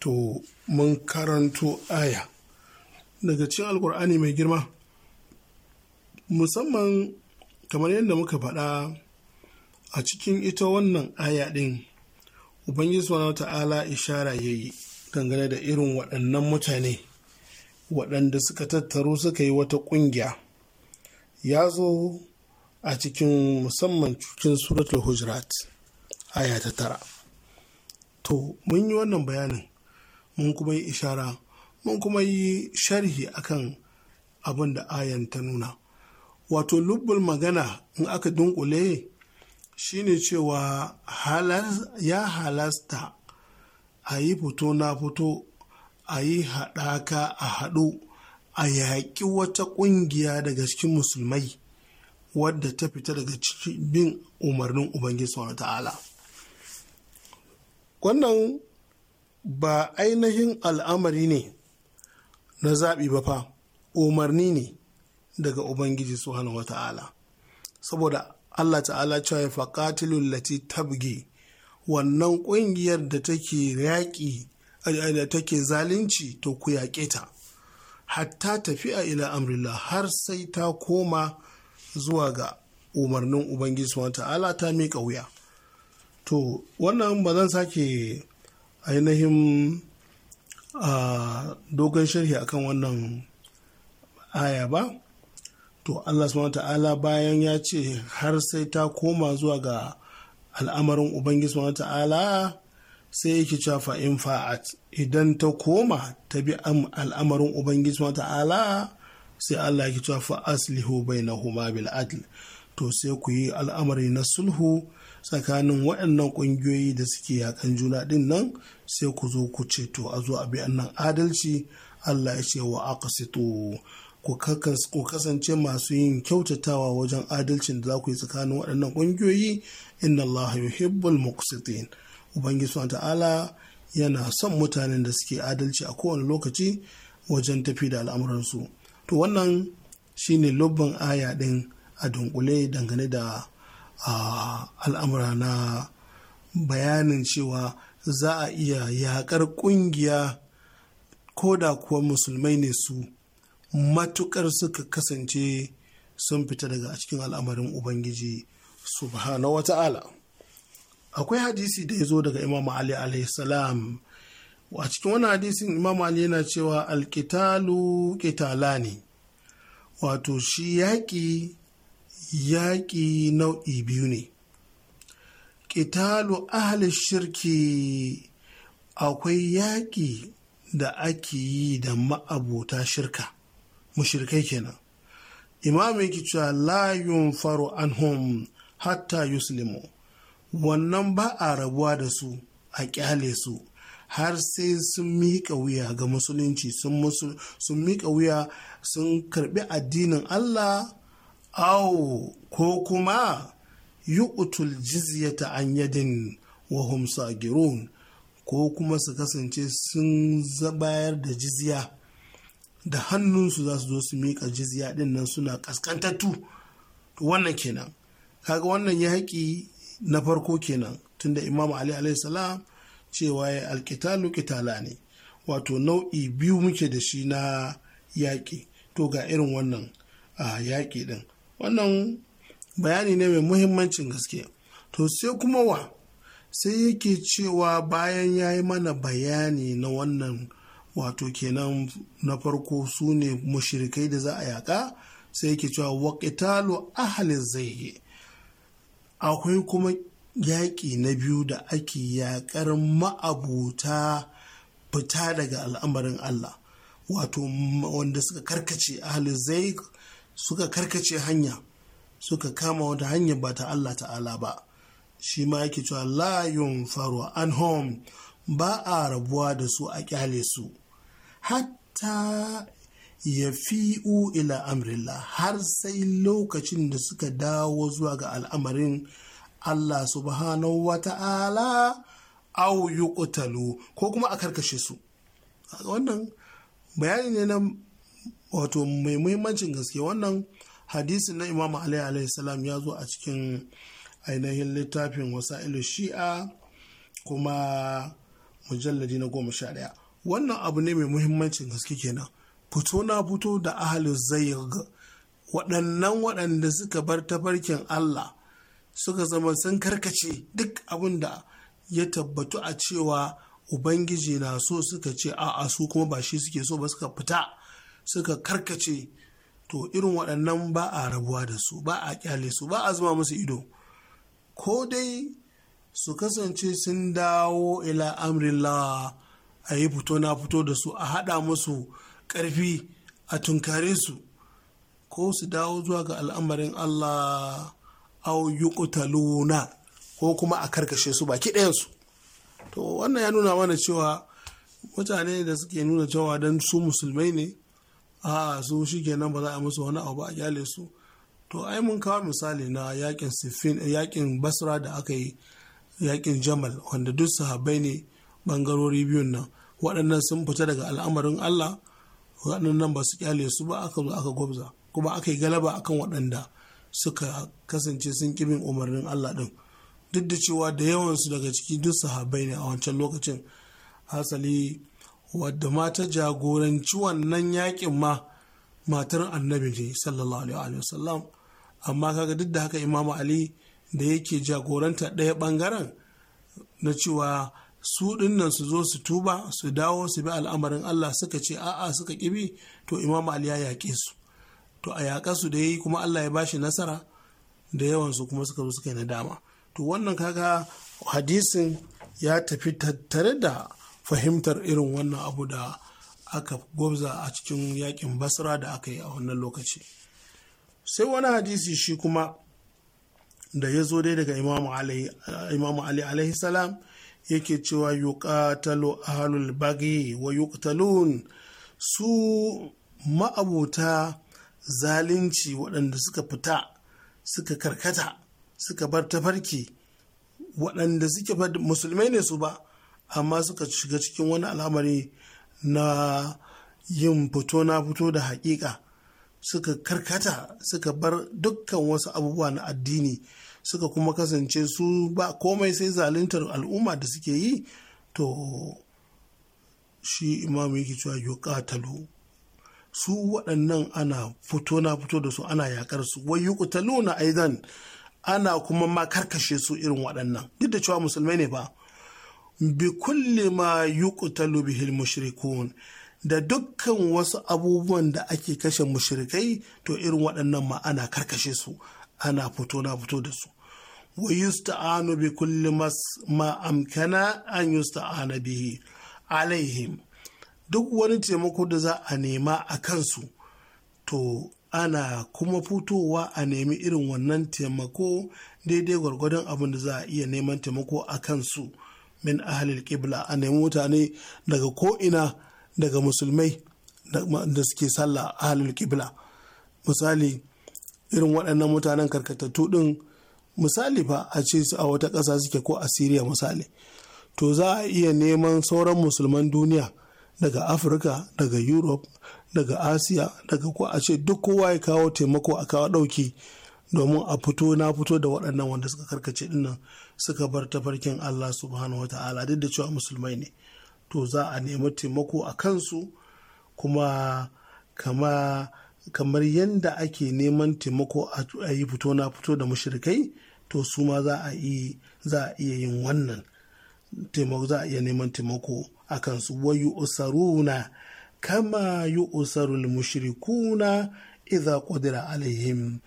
to mun karanto aya daga cikin alkur'ani mai girma musamman kamar yadda muka faɗa a cikin ita wannan aya ɗin ubangiji subhanahu ta'ala ishara ya yi dangane da irin waɗannan mutane waɗanda suka tattaro suka yi wata ƙungiya ya zo a cikin musamman cikin suratul hujrat aya ta tara to mun yi wannan bayanin mun kuma yi ishara mun kuma yi sharhi akan abin da ayan ta nuna wato lubbul magana in aka dunkule shine cewa ya halasta a yi fito na fito a yi haɗaka a haɗu a yaƙi wata ƙungiya daga cikin musulmai wadda ta fita daga cikin bin umarnin ubangiji wa ta'ala wannan ba ainihin al'amari ne na zaɓi ba fa umarni ne daga ubangiji subhanahu wa ta'ala saboda allah ta'ala cewa ya faƙatilun lati tabge wannan ƙungiyar da take yaƙi eh, da take zalunci to ku yaƙe ta hatta tafiya ila amrila har sai ta koma zuwa ga umarnin ubangiji subhanahu ta'ala ta miƙa wuya to wannan ba zan sake ainihin a dogon sharhi akan wannan aya ba to allah subhanahu ta'ala bayan ya ce har sai ta koma zuwa ga al'amarin ubangiji wa ta'ala sai ki cafa in fa'at idan ta koma ta bi al'amarin ubangiji wa ta'ala sai Allah yake cewa fa aslihu bainahuma bil adl to sai ku yi al'amari na sulhu tsakanin waɗannan ƙungiyoyi da suke yakan juna ɗin nan sai ku zo ku ce to a zo a bi annan adalci Allah ya ce wa aqsitu ku kasance masu yin kyautatawa wajen adalcin da za ku yi tsakanin waɗannan ƙungiyoyi inna Allah yuhibbul muqsitin ubangiji ta'ala yana son mutanen da suke adalci a kowane lokaci wajen tafi da al'amuransu to wannan shine lubban aya ɗin a dunkule dangane da al'amura na bayanin cewa za a iya yaƙar ƙungiya ko da kuwa musulmai ne su matukar suka kasance sun fita daga cikin al'amarin ubangiji subhanahu wata'ala akwai hadisi da ya zo daga imam ali alayhi salam a cikin wani hadisin imam ali yana cewa alkitalu ne wato shi yaƙi yaƙi nau'i biyu ne ƙitalu ahli shirki akwai yaƙi da ake yi da ma'abuta shirka mushrikai kenan imamu yake cewa la yunfaru anhum hatta yuslimu wannan ba a rabuwa da su a kyale su har sai sun miƙa wuya ga musulunci sun miƙa wuya sun karɓi addinin Allah au ko kuma yu'tul jizyata an yadin wa hum sagirun ko kuma su kasance sun bayar da jizya da hannunsu za su zo su miƙa jizya ɗin nan suna ƙasƙantattu wannan kenan kaga wannan ya haƙi na farko kenan tunda imam ali alayhi salam cewa ya alkitalu kitala ne wato nau'i biyu muke da shi na yaƙi to ga irin wannan a yaƙi ɗin wannan bayani ne mai muhimmancin gaske to sai kuma wa sai yake cewa bayan ya yi mana bayani na wannan wato kenan na farko su ne mushirikai da za a yaƙa sai yake cewa waƙitalu ahalin zaiye akwai kuma yaƙi na biyu da ake yaƙar ma'abuta fita daga al'amarin Allah wato wanda suka karkace ahalin zai suka karkace hanya suka kama wata hanya ba ta Allah ta'ala ba shi ma yake cewa la yun an home ba a rabuwa da su a kyale su hatta ya fi'u ila amrillah har sai lokacin da suka dawo zuwa ga al'amarin Allah subhanahu wa ta'ala au yuqtalu ko kuma a karkashe su wannan bayani ne na wato mai muhimmancin gaske wannan hadisi na imamu alayhi salam ya zo a cikin ainihin littafin wasa'ilu shi'a kuma mujalladi na goma sha ɗaya wannan abu ne mai muhimmancin gaske kenan fito na fito da ahalin zayyar waɗannan waɗanda suka bar tafarkin Allah suka zama sun karkace duk abin da ya tabbatu a cewa Ubangiji na so suka ce a'a su kuma ba shi suke so ba suka fita suka karkace to irin waɗannan ba a rabuwa da su ba a kyale su ba a zama musu ido ko dai su kasance sun dawo ila amrillah a yi fito na fito da su a haɗa musu ƙarfi a tunkare su ko su dawo zuwa ga al'amarin Allah au yuqtaluna ko kuma a karkashe su baki ɗayansu to wannan ya nuna mana cewa mutane da suke nuna cewa don su musulmai ne a su shi nan ba za a musu wani abu a gyale su to ai mun kawo misali na yakin siffin yakin basra da aka yi yakin jamal wanda duk sahabbai ne bangarori biyun nan waɗannan sun fita daga al'amarin Allah waɗannan ba su kyale su ba aka zo aka gwabza kuma aka yi galaba akan waɗanda suka kasance sun kibin umarnin Allah ɗin duk da cewa da yawansu daga ciki duk sahabai ne a wancan lokacin hasali wadda ma ta jagoranci wannan yakin ma matar annabi ne sallallahu alaihi wasallam amma kaga duk da haka imamu ali da yake jagoranta ɗaya bangaren na cewa su dinnan su zo su tuba su dawo su bi al'amarin Allah suka ce a'a suka kibi to Imam Ali ya yaƙe su to a yaƙa su da yi kuma Allah ya bashi nasara da yawan su kuma suka zo suka yi nadama to wannan kaga hadisin ya tafi tattare da fahimtar irin wannan abu da aka gwabza a cikin yakin basra da aka yi a wannan lokaci sai wani hadisi shi kuma da ya zo dai daga imamu ali alaihi salam yake cewa yuqatalu ahlul bagi wa yuqtalun su ma'abuta zalunci waɗanda suka fita suka karkata suka bar tafarki waɗanda suke musulmai ne su ba amma suka shiga cikin wani al'amari na yin fito na fito da haƙiƙa suka karkata suka bar dukkan wasu abubuwa na addini suka kuma kasance su ba komai sai zaluntar al'umma da suke yi to shi imamu yake cewa katalu su waɗannan ana fito na fito da su ana yakar su wai na aizan, ana kuma ma karkashe su irin waɗannan duk da cewa musulmai ne ba bi kulli ma yuqtalu bihil mushrikun da dukkan wasu abubuwan da ake kashe mushrikai to irin waɗannan ma ana karkashe su ana fito na fito da su wa yusta'anu bi kulli ma amkana an yusta'ana bihi alaihim duk wani taimako da za a nema a kansu to ana kuma fitowa a nemi irin wannan taimako daidai gwargwadon abin da za a iya neman taimako a kansu min ahalil kibla a nemi mutane daga ko'ina daga musulmai da suke sallah ahalil kibla misali irin waɗannan mutanen karkatattu ɗin misali ba a ce su a wata ƙasa suke ko a siriya misali to za a iya neman sauran musulman duniya daga afirka daga europe daga asiya daga ko a ce duk kowa ya kawo taimako a kawo ɗauki domin a fito na fito da waɗannan wanda suka karkace dinnan suka bar tafarkin allah subhanahu wa ta'ala duk da cewa musulmai ne to za a nemi taimako a kansu kuma kama kamar yadda ake neman taimako a yi fito na fito da mushirikai. to su ma za a iya yin wannan taimako za a iya neman taimako a kansu usaru yu'saruna kama yu'sarul mushrikuna idza kudira alaihim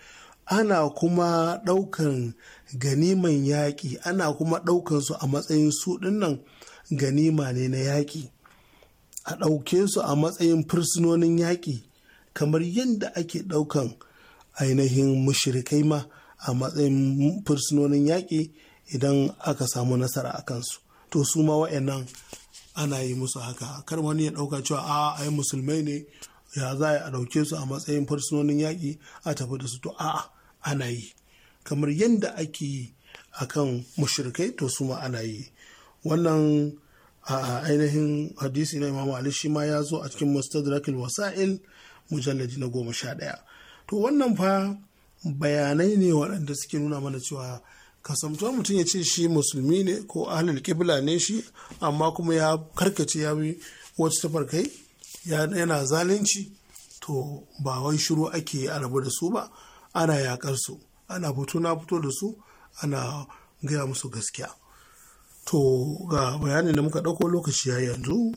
ana kuma ɗaukan ganiman yaƙi ana kuma ɗaukan su a matsayin su ɗinnan ganima ne na yaƙi a ɗauke su a matsayin fursunonin yaƙi kamar yadda ake ɗaukan ainihin mushrikai ma a matsayin fursunonin yaƙi idan aka samu nasara a kansu to su ma wa'annan ana yi musu haka kar wani ya ɗauka cewa a ai musulmai ne ya za a ɗauke su a matsayin fursunonin yaƙi a tafi da su to a ana yi kamar yadda ake yi a kan mushrikai to su ma ana yi wannan a ainihin hadisi na imamu ali shi ma ya zo a cikin mustadrakil wasa'il mujalladi na goma sha ɗaya to wannan fa bayanai ne waɗanda suke nuna mana cewa kasamtuwa mutum ya ce shi musulmi ne ko ahlul kibla ne shi amma kuma ya karkace ya bi wata tafarkai yana zalunci to ba wai shiru ake arabu da su ba ana yaƙar su ana fito na fito da su ana gaya musu gaskiya to ga bayanin da muka ɗauko lokaci ya yanzu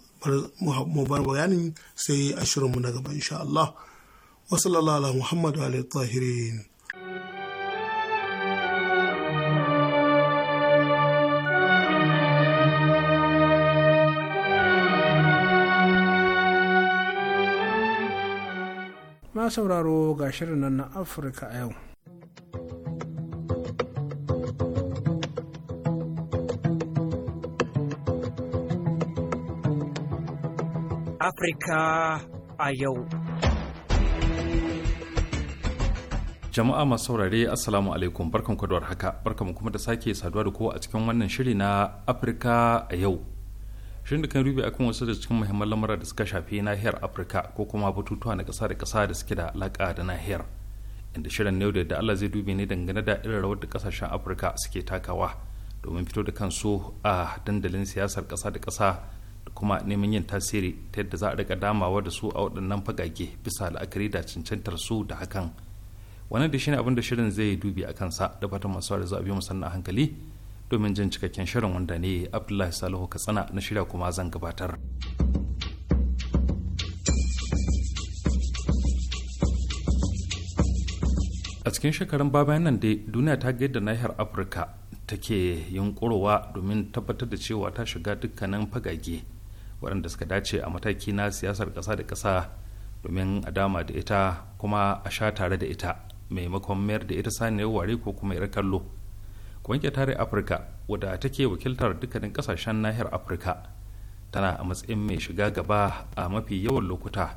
mu bar bayanin sai a shirinmu na gaba insha'Allah. Allah wasu lalala Muhammadu wa Tahirin. sauraro ga shirin nan na afirka a yau afirka a yau jama'a masu saurare assalamu alaikum barkan kwadwar haka barkan kuma da sake saduwa da ku a cikin wannan shiri na afirka a yau shirin da kan rubi akan wasu da cikin muhimman lamura da suka shafi nahiyar afirka ko kuma batutuwa na kasa da kasa da suke da alaƙa da nahiyar inda shirin ne da Allah zai dubi ne dangane da irin rawar da ƙasashen afirka suke takawa domin fito da kansu a dandalin siyasar kasa da kasa da kuma neman yin tasiri ta yadda za a rika damawa da su a waɗannan fagage bisa la'akari da cancantar su da hakan wannan da shine abin da shirin zai dubi a kansa da fatan masu da za a biyo a hankali domin jin cikakken shirin wanda ne abdullahi salihu katsina na shirya kuma zan gabatar a cikin shekarun babayan nan dai duniya ta ga nahiyar afirka take yunkurowa domin tabbatar da cewa ta shiga dukkanin fagage waɗanda suka dace a mataki na siyasar ƙasa da ƙasa domin a dama da ita kuma a sha tare da ita maimakon mayar da ita saniyar ware ko kuma yar kallo ƙungiyar tare afirka wadda take wakiltar dukkanin kasashen nahiyar afirka tana a matsayin mai shiga gaba a mafi yawan lokuta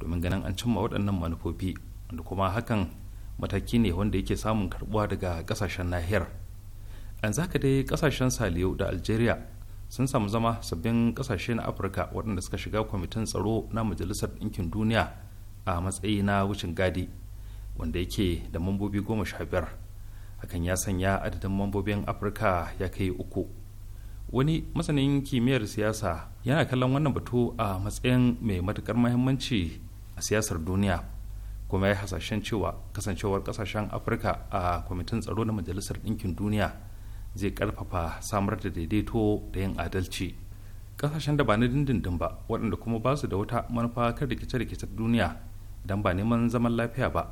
domin ganin an cimma waɗannan manufofi wanda kuma hakan mataki ne wanda yake samun karbuwa daga ƙasashen nahiyar an zaka dai kasashen saliyo da algeria sun samu zama sabbin ƙasashe na afirka waɗanda suka shiga kwamitin tsaro na majalisar ɗinkin duniya a matsayi na wucin gadi wanda yake da mambobi goma sha biyar hakan ya sanya adadin mambobin afirka ya kai uku wani masanin kimiyyar siyasa yana kallon wannan batu a matsayin mai matukar mahimmanci a siyasar duniya kuma ya hasashen cewa kasancewar kasashen afirka a kwamitin tsaro na majalisar ɗinkin duniya zai karfafa samar da daidaito da yin adalci kasashen da ba na dindindin ba waɗanda kuma ba su da wata manufa kar rikice-rikicen duniya idan ba neman zaman lafiya ba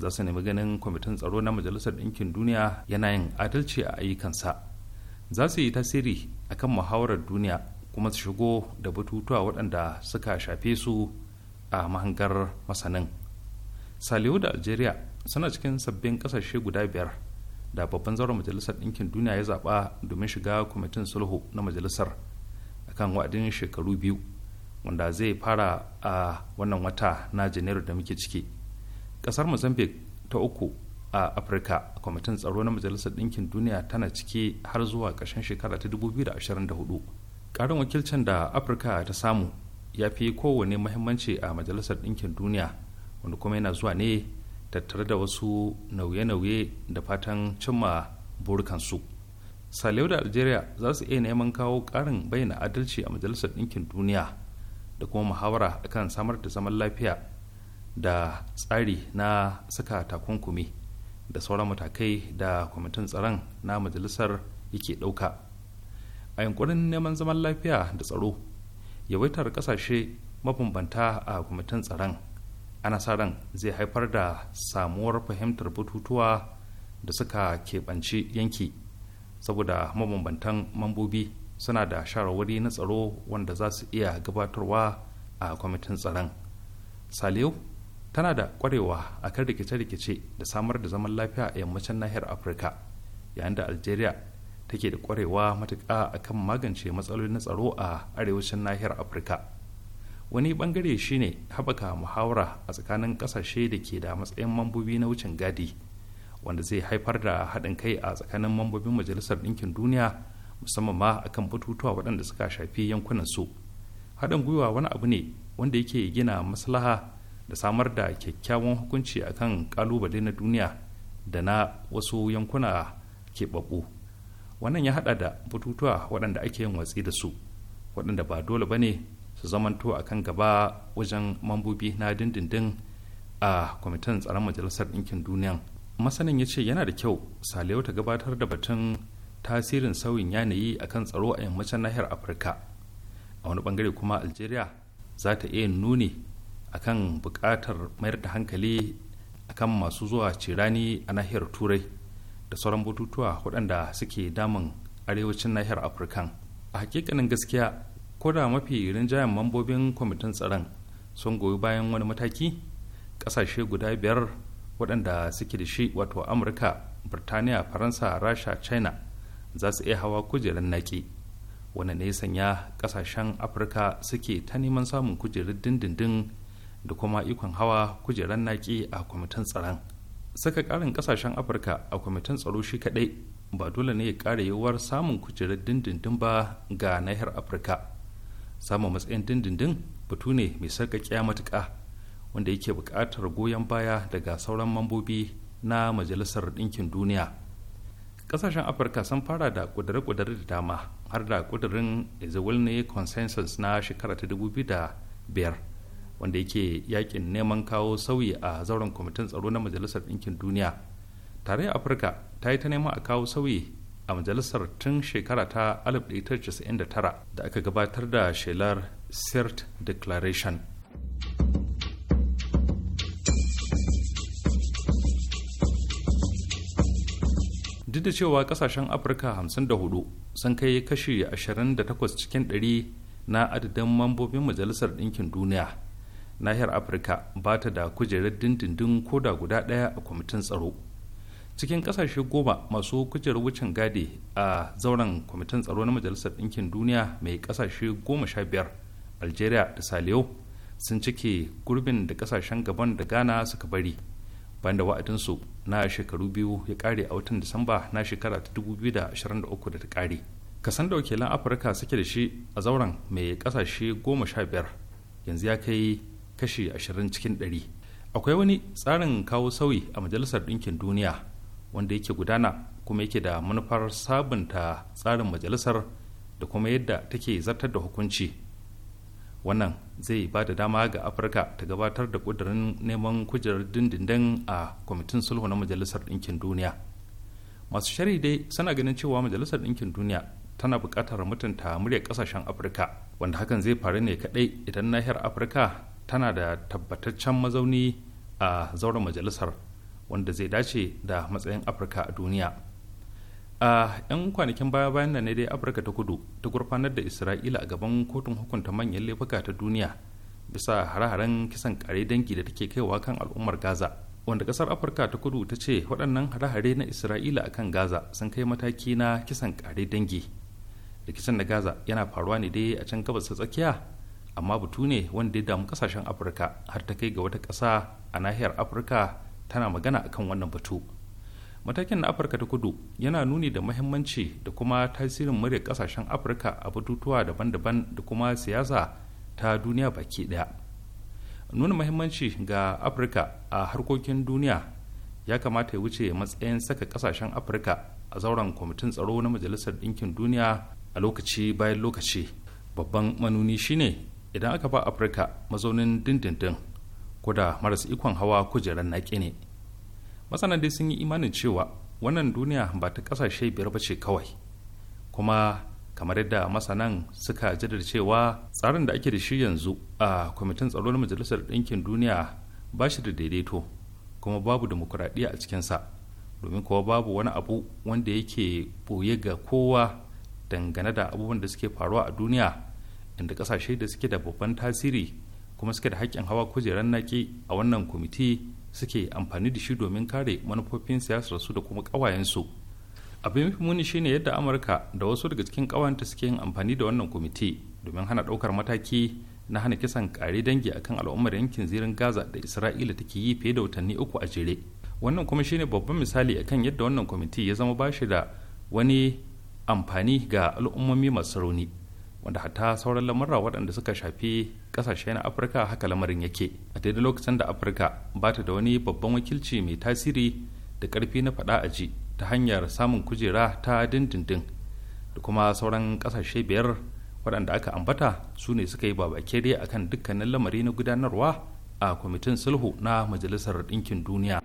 za su nemi ganin kwamitin tsaro na majalisar ɗinkin duniya yana yin adalci a ayyukansa za su yi tasiri akan muhawarar duniya kuma su shigo da batutuwa waɗanda suka shafe su a mahangar masanin salihu da algeria suna cikin sabbin ƙasashe guda biyar da babban zauren majalisar ɗinkin duniya ya zaɓa domin shiga kwamitin sulhu na majalisar akan wa'adin shekaru biyu wanda zai fara a wannan wata na janairu da muke ciki kasar mozambique ta uku a afirka a kwamitin tsaro na majalisar ɗinkin duniya tana cike har zuwa ƙarshen shekara ta 2024 ƙarin wakilcin da afirka ta samu ya fi kowane mahimmanci a majalisar ɗinkin duniya wanda kuma yana zuwa ne tattare da wasu nauye-nauye da fatan cimma burukansu saliyu da algeria za su iya neman kawo ƙarin bayyana adalci a majalisar ɗinkin duniya da kuma muhawara akan samar da zaman lafiya da tsari na suka takunkumi da sauran matakai da kwamitin tsaron na majalisar yake ɗauka a yunƙurin neman zaman lafiya da tsaro yawaitar ƙasashe mabambanta a kwamitin tsaron ana sa ran zai haifar da samuwar fahimtar bututuwa da suka keɓanci yanki saboda mabambantan mambobi suna da sharawari na tsaro wanda za su iya gabatarwa a kwamitin tsaron saliu tana da kwarewa a kan rikice-rikice da samar da zaman lafiya a yammacin nahiyar afirka yayin da algeria take da kwarewa matuƙa a kan magance matsalolin tsaro a arewacin nahiyar afirka wani bangare shine haɓaka muhawara a tsakanin ƙasashe da ke da matsayin mambobi na wucin gadi wanda zai haifar da haɗin kai a tsakanin mambobin majalisar ɗinkin duniya musamman ma akan batutuwa waɗanda suka shafi yankunan su haɗin gwiwa wani abu ne wanda yake gina maslaha da samar da kyakkyawan hukunci akan kalubale na duniya da na wasu yankuna ke babu wannan ya haɗa da bututuwa waɗanda ake yin watsi da su waɗanda ba dole ba ne su zamanto a kan gaba wajen mambobi na dindindin a kwamitin tsaron majalisar ɗinkin duniya masanin ya ce yana da kyau salewa ta gabatar da batun tasirin sauyin yanayi akan tsaro a yammacin nahiyar afirka a wani bangare kuma algeria za ta iya nuni akan buƙatar mayar da hankali akan masu zuwa cirani a nahiyar turai da sauran bututuwa waɗanda suke damun arewacin nahiyar afirkan a hakikanin gaskiya ko da mafi rinjayen mambobin kwamitin tsaron sun goyi bayan wani mataki ƙasashe guda biyar waɗanda suke da shi wato amurka birtaniya faransa rasha china za su iya hawa kujerar naƙi wanda ne sanya ƙasashen afirka suke ta neman samun kujerar dindindin da kuma ikon hawa kujeran naki a kwamitin tsaron saka karin kasashen afirka a kwamitin tsaro shi kadai ba dole ne ya kare yiwuwar samun kujerar dindindin ba ga nahiyar afirka samun matsayin dindindin batu ne mai sarkakiya matuka wanda yake buƙatar goyon baya daga sauran mambobi na majalisar ɗinkin duniya ƙasashen afirka sun fara da ƙudare kudare da dama har da ƙudurin izawilne consensus na shekara ta biyar. wanda yake yakin neman kawo sauyi a zauren kwamitin tsaro na majalisar ɗinkin duniya tarayyar afirka ta yi ta neman a kawo sauyi a majalisar tun shekara ta 1999 da aka gabatar da shelar sirt declaration duk da cewa kasashen afirka 54 sun kai kashi 28 cikin 100 na adadin mambobin majalisar ɗinkin duniya nahiyar afirka ba ta da kujerar dindindin koda guda ɗaya a kwamitin tsaro cikin kasashe goma masu kujerar wucin gadi a zauren kwamitin tsaro na majalisar ɗinkin duniya mai kasashe goma sha biyar algeria da saliyo sun cike gurbin da kasashen gaban da ghana suka bari bayan banda wa'adinsu na shekaru biyu ya kare a watan disamba na shekara ta 2023 da ta kare kasan da wakilan afirka suke da shi a zauren mai kasashe goma sha biyar yanzu ya kai kashi 20 cikin 100 akwai wani tsarin kawo sauyi a majalisar ɗinkin duniya wanda yake gudana kuma yake da manufar sabunta tsarin majalisar da kuma yadda take zartar da hukunci wannan zai ba da dama ga afirka ta gabatar da ƙudurin neman kujerar dindindin a kwamitin sulhu na majalisar ɗinkin duniya masu shari dai suna ganin cewa majalisar ɗinkin duniya tana buƙatar mutunta muryar ƙasashen afirka wanda hakan zai faru ne kaɗai idan nahiyar afirka tana da tabbataccen mazauni a zauren majalisar wanda zai dace da matsayin afirka a duniya a 'yan kwanakin baya bayan da ne dai afirka ta kudu ta gurfanar da isra'ila a gaban kotun hukunta manyan laifuka ta duniya bisa hare-haren kisan kare dangi da take kaiwa kan al'ummar gaza wanda kasar afirka ta kudu ta ce waɗannan hare-hare na isra'ila akan gaza sun kai mataki na kisan kare dangi rikicin da gaza yana faruwa ne dai a can gabas ta tsakiya amma batu ne wanda ya damu kasashen afirka har ta kai ga wata ƙasa a nahiyar afirka tana magana akan wannan batu matakin na afirka ta kudu yana nuni da mahimmanci da kuma tasirin murya kasashen afirka a batutuwa daban-daban da kuma siyasa ta duniya baki daya nuna mahimmanci ga afirka a harkokin duniya ya kamata ya wuce matsayin saka kasashen afirka a zauren kwamitin tsaro na majalisar ɗinkin duniya a lokaci bayan lokaci babban manuni shine idan aka ba afirka mazaunin dindindin ko da marasa ikon hawa kujerar naƙi ne masana dai sun yi imanin cewa wannan duniya ba ta kasashe biyar ba ce kawai kuma kamar yadda masanan suka jaddada cewa tsarin da ake da shi yanzu a kwamitin tsaro na majalisar ɗinkin duniya ba shi da daidaito kuma babu demokuraɗiyya a cikinsa domin kuwa babu wani abu wanda yake ɓoye ga kowa dangane da abubuwan da suke faruwa a duniya inda kasashe da suke da babban tasiri kuma suke da haƙƙin hawa kujerar naki a wannan kwamiti suke amfani da shi domin kare manufofin siyasar su da kuma ƙawayensu abin mafi muni shine yadda amurka da wasu daga cikin ƙawanta suke yin amfani da wannan kwamiti domin hana ɗaukar mataki na hana kisan ƙare dangi akan al'ummar yankin zirin gaza da isra'ila take yi fiye da watanni uku a jere wannan kuma shine babban misali akan yadda wannan kwamiti ya zama bashi da wani amfani ga al'ummomi masu rauni wanda hatta sauran lamurra waɗanda suka shafi ƙasashe na afirka haka lamarin yake a daidai lokacin da afirka ba ta da wani babban wakilci mai tasiri da ƙarfi na faɗa a ji ta hanyar samun kujera ta dindindin da kuma sauran ƙasashe biyar waɗanda aka ambata su ne suka yi babakere akan dukkanin lamari na gudanarwa a kwamitin sulhu na majalisar ɗinkin duniya.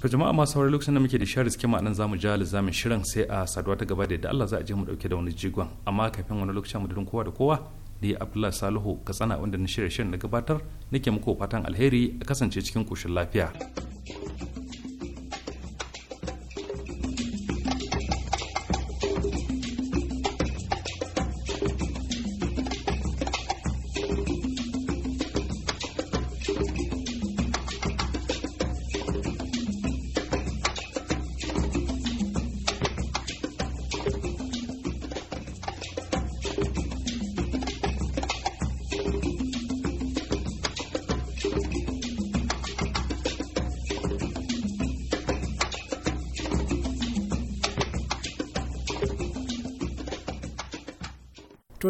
to jama'a masu saurari lokacin da muke da shirin riske ma'anan zamu ja lizamin shirin sai a saduwa ta gaba da yadda Allah za a je mu dauke da wani jigon amma kafin wani lokacin mu kowa da kowa ni Abdullahi Salihu ka tsana wanda na shirye shirin na gabatar nake muku fatan alheri a kasance cikin koshin lafiya.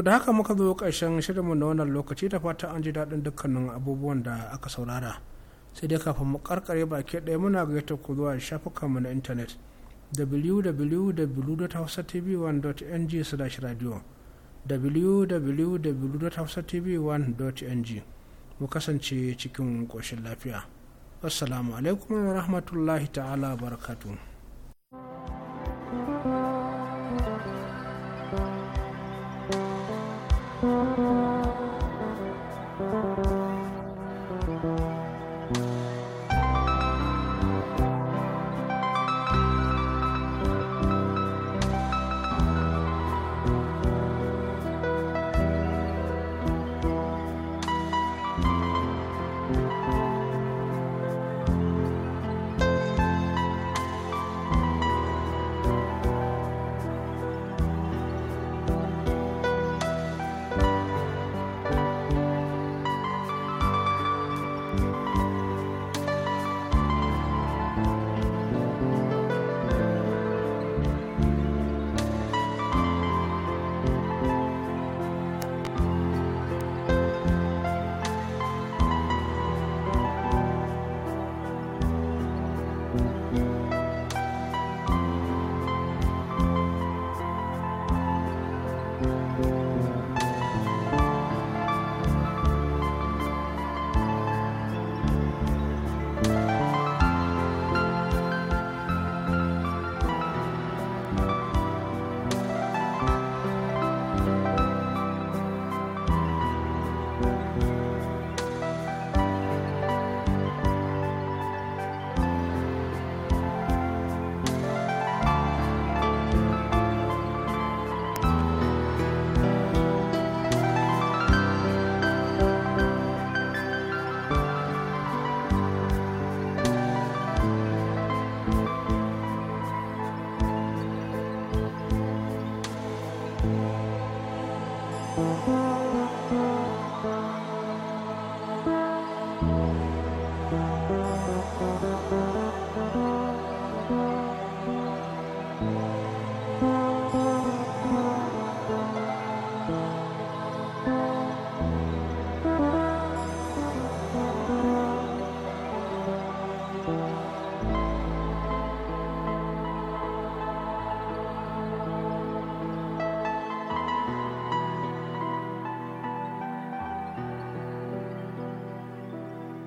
da haka muka zo ƙarshen shirinmu na wannan lokaci da fata an ji daɗin dukkanin abubuwan da aka saurara sai dai kafin mu karkare baki ɗaya muna gaita ku zuwa shafukanmu na intanet www.hausatv1.ng slash radio www.hausatv1.ng mu kasance cikin ƙoshin lafiya assalamu alaikum wa rahmatullahi ta'ala barakatuhu